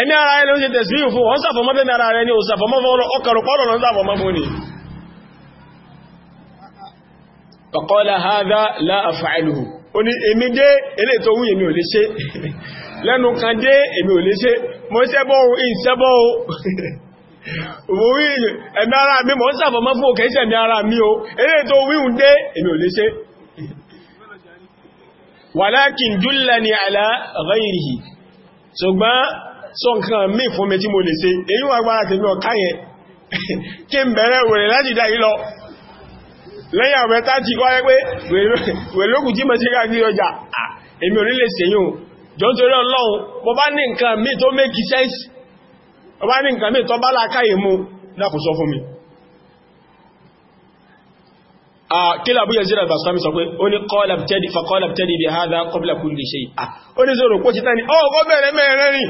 ẹni ara rẹ̀ ló ṣe tẹ̀sí faqala hadha la af'aluhu ó ní èmi dé ilé tó wúyè mi ò lè ṣe [laughs] lẹ́nu kan dé èmi ò lè ṣe mo ṣẹ́bọ́ ohun ìṣẹ́bọ́ ohun [laughs] ẹ̀mí ara mi mọ́ sàfọ́mọ́ fún òkè ìṣẹ̀mí ara mi o ilé tó wíhun dé èmi ò lè ṣe [laughs] wà gbára tèmi ọ̀ká yẹn kí yìí lẹ́yìn àwọn ẹ̀ta ti kọ́ ẹgbẹ́ wèlókù tí mọ̀ sí káàkiri ọjà èmi ò nílé sèyìn o jọ torí ọlọ́run bọ́ bá ní nǹkan mí tó make sense bọ́ bá ní nǹkan mí tó bá láàkáyè mú dákù sọ fún mi kílà bú yẹn zíra bàṣọ́mí sọ pé ó ní kọ́ọ̀lá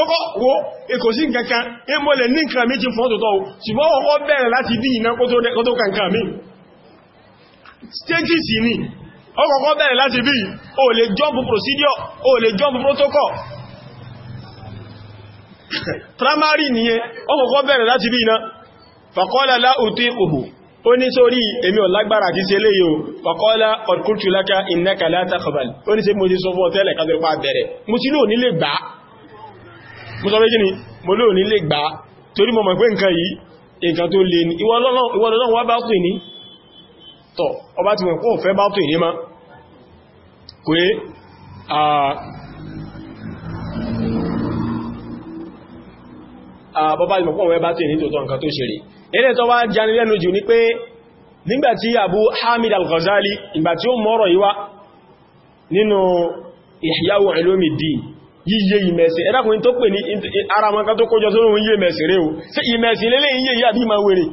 ọkọ̀ wo kò sí nǹkankan ní mo lè ní nǹkan méjì fún ọ̀tọ̀tọ̀ ṣùgbọ́n ọkọ̀ bẹ̀rẹ̀ láti bí iná kó tó kankan mi stages ni ọkọ̀kọ́ bẹ̀rẹ̀ láti bí o lè jump procedure o lè jump protocol primary nìyẹn ọkọ̀kọ́ bẹ̀rẹ̀ láti bí iná fàkọ́lá láòtí òhù ó ní sórí èmi ò lágbára àti ṣe léyò fàkọ́lá ọ̀kúrtùláka ìnẹ́kà látàkọ̀bàl ó ní sí mo ti sọ fún ọ̀tẹ́lẹ̀ kan tó pa bẹ̀rẹ̀ mo ti ní ò nílé gbàá mo sọ pé ni mo lóò ní lè gbà torí mo mọ̀ pé nǹkan yìí nǹkan tó lè ní ìwọ Ọlọ́run wá bá pè ní tọ̀ ọba ti mọ̀ pé òfẹ́ bá pè ní ma kwe, bọ́bá ìmọ̀ pọ̀wọ́ ẹbá tí ní tòótọ́ nǹkan tó ṣe rí ilẹ̀ tó wá jẹ́ nílẹ́nu jù Abu Hamid al-Ghazali ìgbàtí ó mọ́rọ̀ yíwá nínú Ihya Ulumuddin yíye ìmẹ̀sìn ẹ̀dàkùnrin tó pè ní ara mọ́ká tó kójọ tó lóun yíye mẹ̀sìn rẹ̀ o sí ìmẹ̀sìn lélẹ̀ yíye yíya bí ma wèrè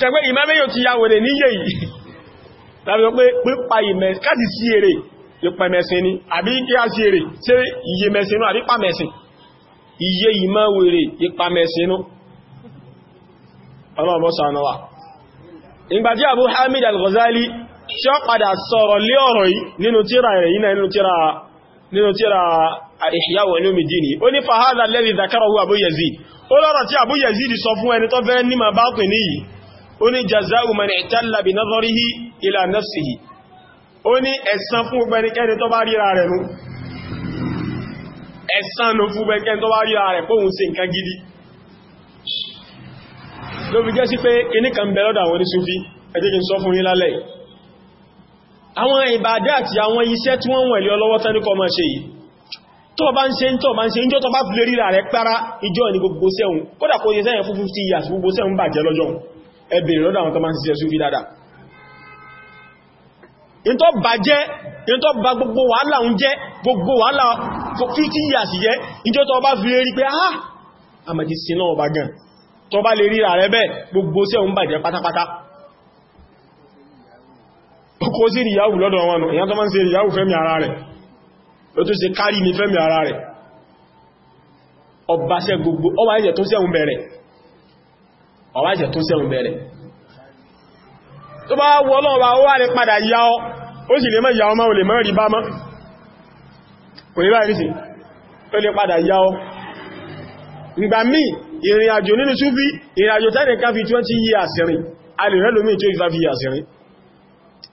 ṣẹgbẹ́ ìmẹ́mẹ́yọ ti ya wèrè ní yíye yìí [laughs] tàbí pé pípa ìmẹ̀sìn káàdì sí èrè pípa mẹ̀sìn ni àbí kíá sí èrè sí iye mẹ̀sìn pa mẹ̀sìn iye ìmọ̀ wèrè ipa mẹ̀sìn ọlọ́ọ̀bọ̀ sànà wà ìgbà tí Abu Hamid al-Ghazali ṣọ́ padà sọ̀rọ̀ lé ọ̀rọ̀ yìí nínú tíra rẹ̀ yìí nínú tíra nínú tíra Ihya wa Ulumuddin ó ní fahadha alladhi dhakarahu Abu Yazid ó lọ́rọ̀ tí Abu Yazid sọ fún ẹni tó fẹ́ nímọ̀ bátin níyì ó ní jaza'u man i'talla bi ila nafsihi ó ní ẹ̀san fún gbẹnikẹ́ni tó bá ríra rẹ̀ nú ẹ̀san ló fún gbẹnikẹ́ni tó bá ríra rẹ̀ póhun ṣe nǹkan gidi àwọn ìbàdá àti àwọn iṣẹ́ tí wọ́n wọ̀n lé ọlọ́wọ́ tẹ́lúkọ mọ́ ṣe yìí tó bá ń ṣe ń tọ́ bá ń ṣe ń tọ́ bá fi lè ríra rẹ̀ pẹ́ra ìjọ ní gbogbo sẹ́hun kó years gbogbo sẹ́hun bàjẹ́ lọ́jọ́ ẹbẹ̀rẹ̀ lọ́dọ̀ àwọn tó máa ń ṣiṣẹ́ súfí dáadáa ìntọ́ bàjẹ́ ìntọ́ bá gbogbo years jẹ́ ìjọ tọ́ bá fi lè rí pé ah àmàjì sí náà ọba gan tọ́ bá lè kó sí ìyàwó lọ́dọ̀ wọn èyàn tó máa ń ṣe ìyàwó fẹ́mi ara rẹ̀ ó tó ṣe kárí ní fẹ́mi ara rẹ̀ ọbaṣẹ́ gbogbo ọwà ẹ̀jẹ̀ tó sẹ́hun bẹ̀rẹ̀ ọwà ẹ̀jẹ̀ tó sẹ́hun bẹ̀rẹ̀ tó bá wọ ọlọ́ọ̀bá ó wà ní padà yá ọ ó sì lè mọ́ ìyá ọmọ olè mọ́rí bá mọ́ kò ní báyìí sí ó lè padà yá ọ ìgbà míì ìrìnàjò nínú súfí ìrìnàjò tẹ́nìkan fi 20 years rìn a lè rẹ́ lómi 25 years rìn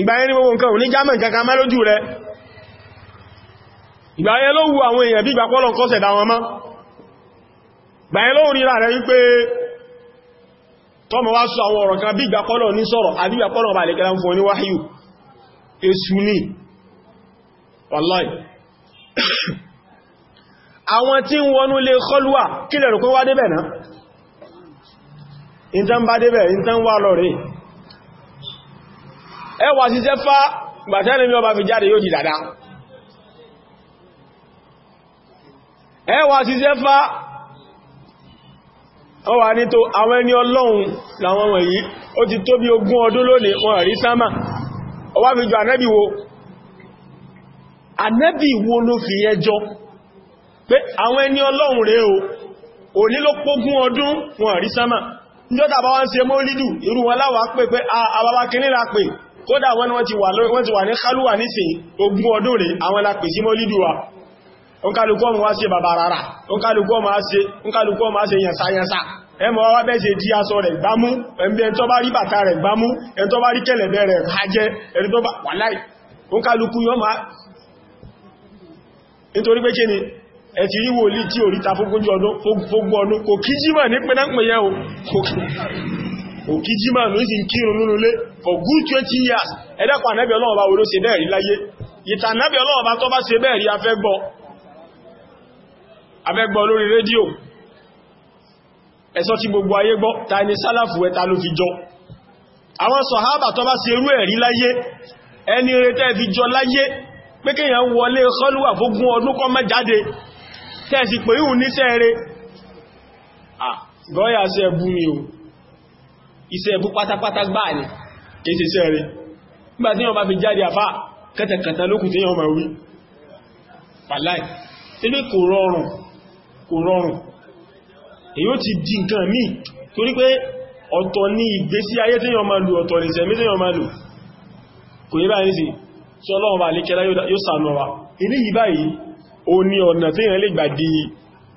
ìgbàyẹn ní gbogbo nǹkan ò ní jámẹ̀ kankan má lójú rẹ̀ ìgbàyẹn ló wu àwọn èèyàn bí ìgbàpọ́lọ̀ kọ́sẹ̀ dá wọn mọ́ ìgbàyẹn ló rí rẹ̀ wípé tọ́mọ̀ wá sọ àwọn ọ̀rọ̀ kan bí ìgbàpọ́lọ̀ ní sọ̀rọ̀ àbí ìgbàpọ́lọ̀ bà lè kẹ́lá fún ní wáhíyù èṣù ni wallahi àwọn tí ń wọnú lè kọlùwà kí lẹ̀rù ẹwà síṣẹ́ fá gbàtẹ́rin lọ bá fi jáde yóò di dada ẹwà síṣẹ́ fá ọwà ní tó àwọn ẹni ọlọ́run làwọn wọ̀nyí ó ti tó bí ogún ọdún lónìí wọn rí sámà ọwá fi jọ ànẹ́bì wo ànẹ́bì wo ló fi ẹjọ́ pé àwọn ẹni ọlọ́run rẹ̀ o òní ló pógún ọdún wọn rí sámà níjọ́ta bá wá ń ṣe mọ́ lídù irú wọn láwàá pé pé àbábá kìnnìlá pé kódà wọn wọ́n ti wà ní kálúwà nísìn ogún ọdún rẹ̀ àwọn lápè sí mọ́lídùwà oúnkálùkọ́ ma ṣe bàbá rárá oúnkálùkọ́ ma ṣe yànsáyànsá ẹmọ wá bẹ́ ṣe jí aṣọ rẹ̀ gbámú ẹ̀mí ẹn tó bá rí bàtà rẹ̀ gbámú ẹn tó bá rí kẹ̀lẹ̀bẹ̀ rẹ̀ hajẹ́ ẹni tó bá wà láì oúnkálùkú yọ ni ẹ̀tì rí wòlí òkí jímà ló sì ń kírun nínú ilé for good 20 years ẹ̀dàkùn ànábì ọlọ́ọ̀bá wo ló ṣe bẹ́ẹ̀ rí láyé ìtàn ànábì ọlọ́ọ̀bá tó bá ṣe bẹ́ẹ̀ rí afẹ́ gbọ́ afẹ́ gbọ́ lórí rédíò ẹ̀sọ́ tí gbogbo ayé gbọ́ ta ni sálàfù ẹta ló fi jọ àwọn sọ̀hábà tó bá ṣe irú ẹ̀rí láyé ẹni retẹ́ fi jọ láyé pé kéèyàn wọlé kọlùwà fógún ọdún kọ́ mẹ́ jáde tẹ́ẹ̀sì pé ìhùn níṣẹ́ rẹ̀ ah gọ́yà sí ẹbú mi o iṣẹ́ ẹbú pátápátá gbáà ní kéṣe iṣẹ́ rẹ̀ nígbà tí wọ́n bá fi jáde àfá kẹtẹ̀kẹtẹ lókù tí wọ́n máa wí pàláì ilé kò rọrùn kò rọrùn èyí ó ti di nǹkan míì torí pé ọ̀tọ̀ ní ìgbésí ayé tí wọ́n máa lò ọ̀tọ̀ ní sẹ̀mí tí wọ́n máa lò kò yí báyìí sí tí ọlọ́run bá lè kẹ́lá yóò sànú wa ilé yìí báyìí ó ní ọ̀nà tí wọ́n lè gbà di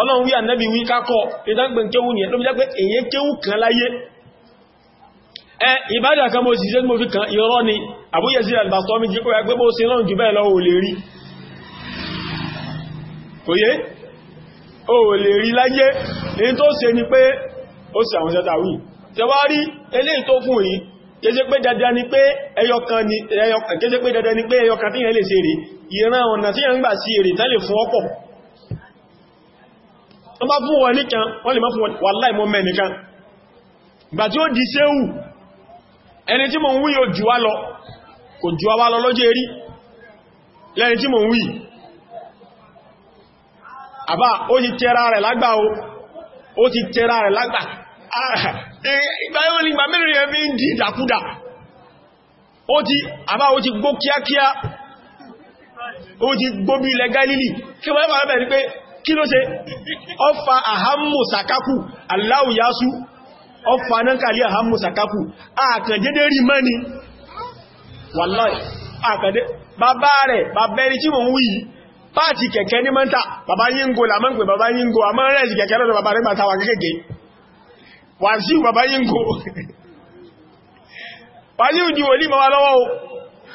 ọlọ́run wí ànẹ́bí wí kákọ̀ ìtàgbẹ̀ kéwú yẹn ló fi jẹ́ pé èyẹ kéwú kan láyé ẹ ìbádà kan mo sì ṣe mo fi kan irọ́ ni àbúyẹ̀ sí àlbàtọ́mí jí kó yẹ pé bó ṣe lọ́n jù bẹ́ẹ̀ lọ ò lè rí kò yé ò lè rí ni pé ó sì àwọn ṣẹta wí tẹwà ni pé ẹyọkan ni ni pé ẹyọkan tí yẹn lè ṣe rè ìran ọ̀nà tí yẹn ń gbà sí èrè tẹ́lẹ̀ fún ọ̀pọ̀ wọ́n bá fún wọn nìkan wọ́n lè má fún wàláì mọ́ mẹ́ nìkan gbà tí ó di séhù ẹni tí mo ń wí yóò jùwá lọ kò jùwá wá lọ lọ́jọ́ erí lẹ́ni tí mo ń wí àbá ó ti tẹ́ra rẹ̀ lágbà o ó ti tẹ́ra rẹ̀ lágbà ah, eh, ìgbà yóò nígbà mẹ́rin rẹ̀ fi ń di ìdàkúdà ó ti àbá ó ti gbó kíákíá ó ti kí ló ṣe ọfà àhámù sàkákù aláwù yású ọfà náà kàlí àhámù sàkákù àkàndédé rí mẹ́ni wàláì àkàndé bàbá rẹ̀ bàbá ẹni tí mò ń wúyìí páàtì kẹ̀kẹ́ ní mọ́ta bàbá yíngo làmọ́gbẹ̀ bàbá yíngo àmọ́ rẹ̀ [laughs]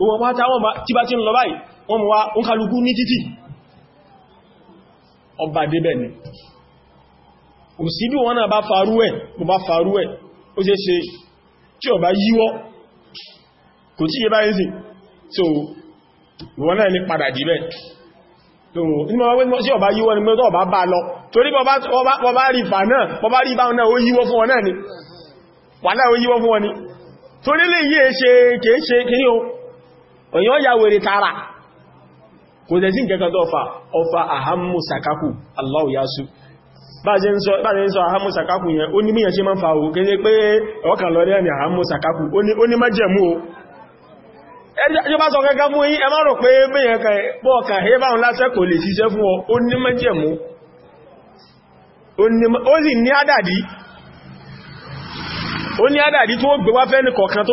gbogbo pátá wọn tí bá ti ń lọ báyìí wọ́n mú wá ń kálukú ní títì ọba débẹ̀ ni kò sí bí wọ́n náà bá farú ẹ̀ kò bá farú ẹ̀ ó ṣe ṣe tí ọba yíwọ́ kò tí yẹ so ìwọ́n náà ní padà ni mẹ́tọ́ ọba bá lọ torí bọ́bá rí fà náà bọ́bá rí bá wọn náà ni wà náà ó yíwọ́ wọn ni torí lè yí èṣe kìí onye ọya wèrè tara. kò lè sí nǹkan tó ọfà ọfà àhámù Allahu yẹn ó ní míyànṣe máa ń fa òun kéde pé ọkàn lọ rẹ̀ ní àhámù ó ní májẹ̀mú o ẹjọ́ bá sọ kẹ́kẹ́ fún yín ẹ rò pé bẹ́yẹn kan bọ́ ọkàn hẹ́ kò lè ṣiṣẹ́ ọ ó ní májẹ̀mú ó sì ní ó ní tó fẹ́ ní kọ̀ọ̀kan tó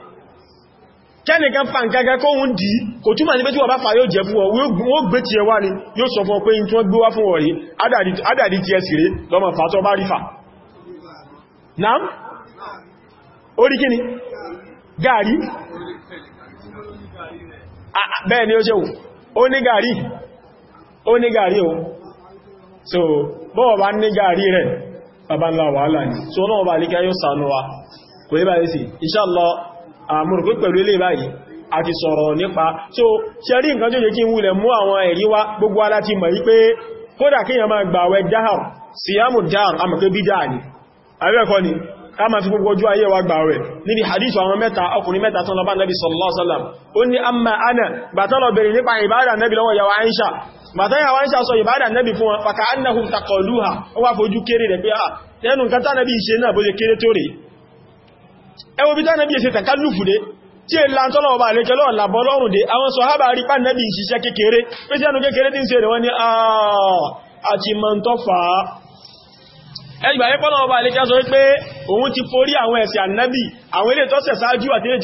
kẹ́nìkan pa nǹkankan kó ń dìí kò túnmà ní pé tí wọ́n bá fà yóò jẹ fún ọ gbé ti ẹwà ni yóò sọ fún ọ tí wọ́n gbé wá fún adàdì ti ẹsì rẹ̀ lọ́mọ fàtọ́ bá rífà náà orí kíni gàrí ah, ah, bẹ́ẹ̀ ni ó ṣe ó ní gàrí o so so àmúrùkú pẹ̀lú ilé báyìí àti sọ̀rọ̀ nípa so ṣe rí nǹkan tó yẹ kí n wulẹ̀ mú àwọn ẹ̀rí wá gbogbo aláti mọ̀ wípé kódà kíyàn máa gbàwẹ̀ dáhàr síyàmù dáhàr àmọ̀kẹ́ bídá ni àríwẹ̀kọ́ ni ká ma fi gbogbo ojú ayé wa gbàwẹ̀ níbi hadith àwọn mẹ́ta ọkùnrin mẹ́ta tán lọ bá sallallahu alaihi wasallam amma ana bàtán lọ bèèrè nípa ìbádà nẹ́bí lọ́wọ́ yàwó àìṣà bàtán yàwó àìṣà sọ ìbádà nẹ́bí fún wọn faka annahum taqaluha ó wá fojú kéré rẹ̀ pé à ah, tẹ́nu nǹkan tánẹ́bí ṣe ẹwọ bí tánàbí èsì tàkálùfù dé tí è lantọ́nà ọba àlékẹ́ lọ́wọ́ làbọ́ lọ́rùn dé àwọn sọ̀hábà rí pà nẹ́bí ìṣiṣẹ́ kékeré pé tí ẹnu kékeré tí ń ṣe rẹ̀ wọ́n ni àti mọ́ntọ́fà ẹgbà yẹ́ pọ́nà ọba àlékẹ́ sọ wípé òun ti forí àwọn ẹ̀ṣẹ̀ ànẹ́bì àwọn ilé tọ́sẹ̀ sáájú ti ni ti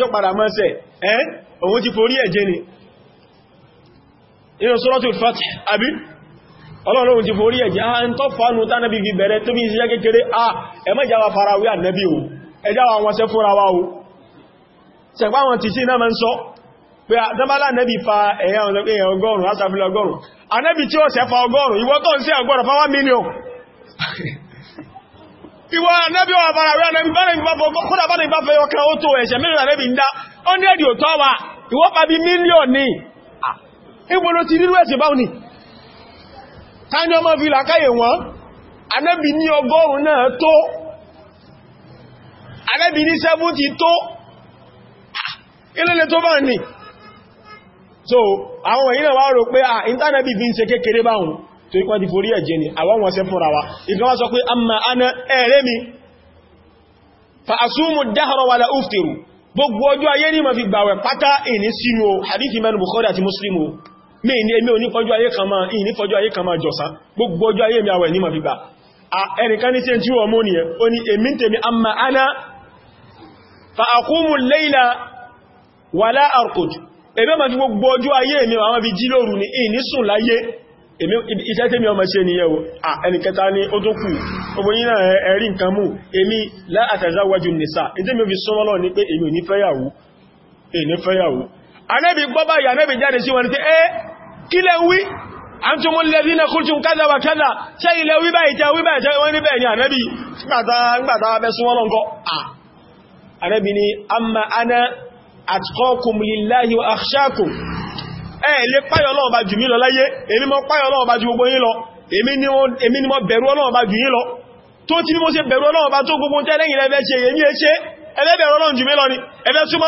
ń tọ́fà tánàbí bẹ̀rẹ̀ tó bí iṣẹ́ kékeré fara ẹjá wa wọn sẹ́ fúnra wa o ṣẹ̀pá wọn ti sí iná mẹ́ ń sọ pé àdábálà nẹ́bì fa ẹ̀yà ọgọ́rùn-ún asàfilẹ̀ ọgọ́rùn-ún anẹ́bì tí ó sẹ́fà ọgọ́rùn-ún ìwọ tó ń sí ọgọ́rùn-ún fáwọn mílíọ̀n ìwọ anẹ́bì wà fara rẹ̀ anẹ́bì bá nẹ́bì bá fọ́ kódà bá nẹ́bì bá fẹ́ ọkà ó tó ẹ̀ṣẹ̀ mílíọ̀n anẹ́bì ń dá ó ní ẹ̀dì òtọ́ wa ìwọ fa bí mílíọ̀n ní ìgbòlò ti rírú ẹ̀sìn báwọn ni ta ni ọmọ fi làkáyè wọn anẹ́bì ní ọgọ́rùn-ún náà tó àrẹ́bì ní 70 tó ilẹ̀lẹ̀ tó bá ní so àwọn èyí náà wá rò pé à ah, ìntánẹ́bì fi ń ṣe kékeré báhùn tó ipá ti forí ẹ̀jẹ́ ni àwọn wọn ṣe fúnra wa ìgbọ́n sọ pé amma ana ẹ̀rẹ́ mi fa asúmù dáhọrọ wà lá uftiru gbogbo ọjọ́ ayé ní ma fi gbàwẹ̀ pátá ìní sínú hadithi mẹ́nu Bukhari àti Muslimu mi ní èmi ò ní fọjọ́ ayé kan máa ìní fọjọ́ ayé kan máa jọsán gbogbo ọjọ́ ayé mi àwẹ̀ ní ma fi gbà ẹnìkan ní tí ẹ tí wọ́n mú ni ẹ ó ní èmi tèmi amma ana fa àkúmù lẹ́ìlà wà láàrùkùd ebe ma ti gbogbo ọjọ́ ayé mi àwọn ibi jílòrù ní ìní sùn láyé iṣẹ́ tí mi ọmọ ṣe ni yẹ̀wò ẹnikẹta ni ó tó kù ọgbọ̀n yínà ẹ̀rí nǹkan mú èmi láàtàzáwájú nìsà ìdí mi fi súnmọ́lọ́ ní pé èmi ò ní fẹ́yàwó èmi fẹ́yàwó anẹ́bì gbọ́bà yà anẹ́bì jáde sí wọn ni pé ẹ́ kílẹ̀ wí àtúmù lẹ́bínà kúrtùn kádà wà kádà ṣe ilẹ̀ wíbà ìjà wíbà ìjà wọ́n níbẹ̀ ni Ànábì ní amma ana atqakum lillahi wa akhshakum ẹ lè páyọ̀ Ọlọ́run bá jù mí lọ láyé èmi mo páyọ̀ Ọlọ́run bá jù gbogbo yín lọ èmi ni mo bẹ̀rù Ọlọ́run bá jù yín lọ tó tí bí mo ṣe bẹ̀rù Ọlọ́run bá tó gbogbo tẹ́lẹ̀yìn lẹ́fẹ́ ṣe èmi ẹ ṣe ẹlẹ́bẹ̀rù Ọlọ́run jù mí lọ ni ẹfẹ́ súnmọ́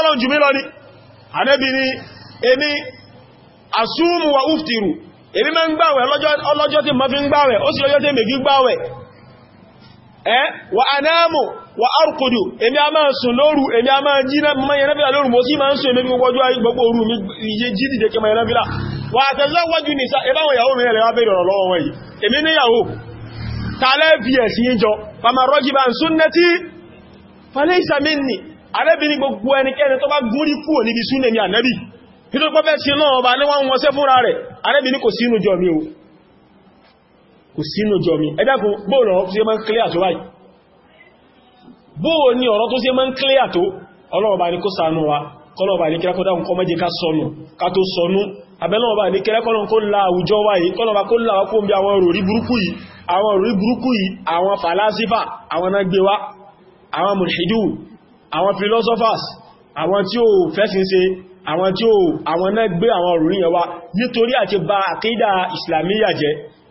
Ọlọ́run jù mí Eh, wa anáàmù wa arkudu emi a máa sùn lóru èmi a máa jí mayanabila lóru mo si ma ń sùn èmi gbogbo ọjọ́ gbogbo òru mi iye jí dìde kí mayanabila wa àtẹ́lẹ́wọ́jú nìsá ẹbáwọn ìyàwó mi rẹ̀ wá bèèrè ọ̀rọ̀ lọ́wọ́ wọ́n yìí èmi níyàwó tààlẹ́ fi ẹ̀sìn ìjọ pàmà rọ́jì bá sunnati minni gbogbo jọ mi kò sínú jọ mi ẹ̀dàkùn bóò lọ́rọ̀ tó ṣe máa ń clear tó báyìí bóò ní ọ̀rọ̀ tó ṣe máa ń clear tó ọlọ́ọ̀bá ní kó sànú wa kọlọ̀ọ̀bá ní kírákọ́ dáhùn kọ mẹ́jẹ ká sọnù ká la àwùjọ wa yìí la ọkùn bí àwọn òrì burúkú yìí àwọn òrì burúkú yìí àwọn fàlásífà àwọn agbéwá àwọn mùlhìdù àwọn philosophers àwọn tí ó fẹ́sìn ṣe àwọn tí ó àwọn náà gbé àwọn òrì yẹn wá nítorí àti bà àkídà ìsìlàmíyà jẹ́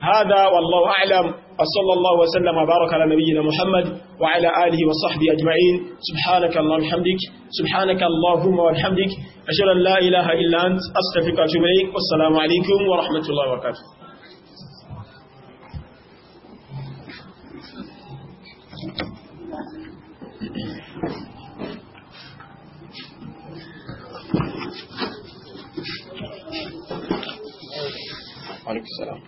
هذا والله أعلم وصلى الله وسلم وبارك على نبينا محمد وعلى آله وصحبه أجمعين سبحانك اللهم وحمدك سبحانك اللهم وحمدك أشهد أن لا إله إلا أنت أستغفرك وأتوب إليك والسلام عليكم ورحمة الله وبركاته Thank you. Aleykümselam.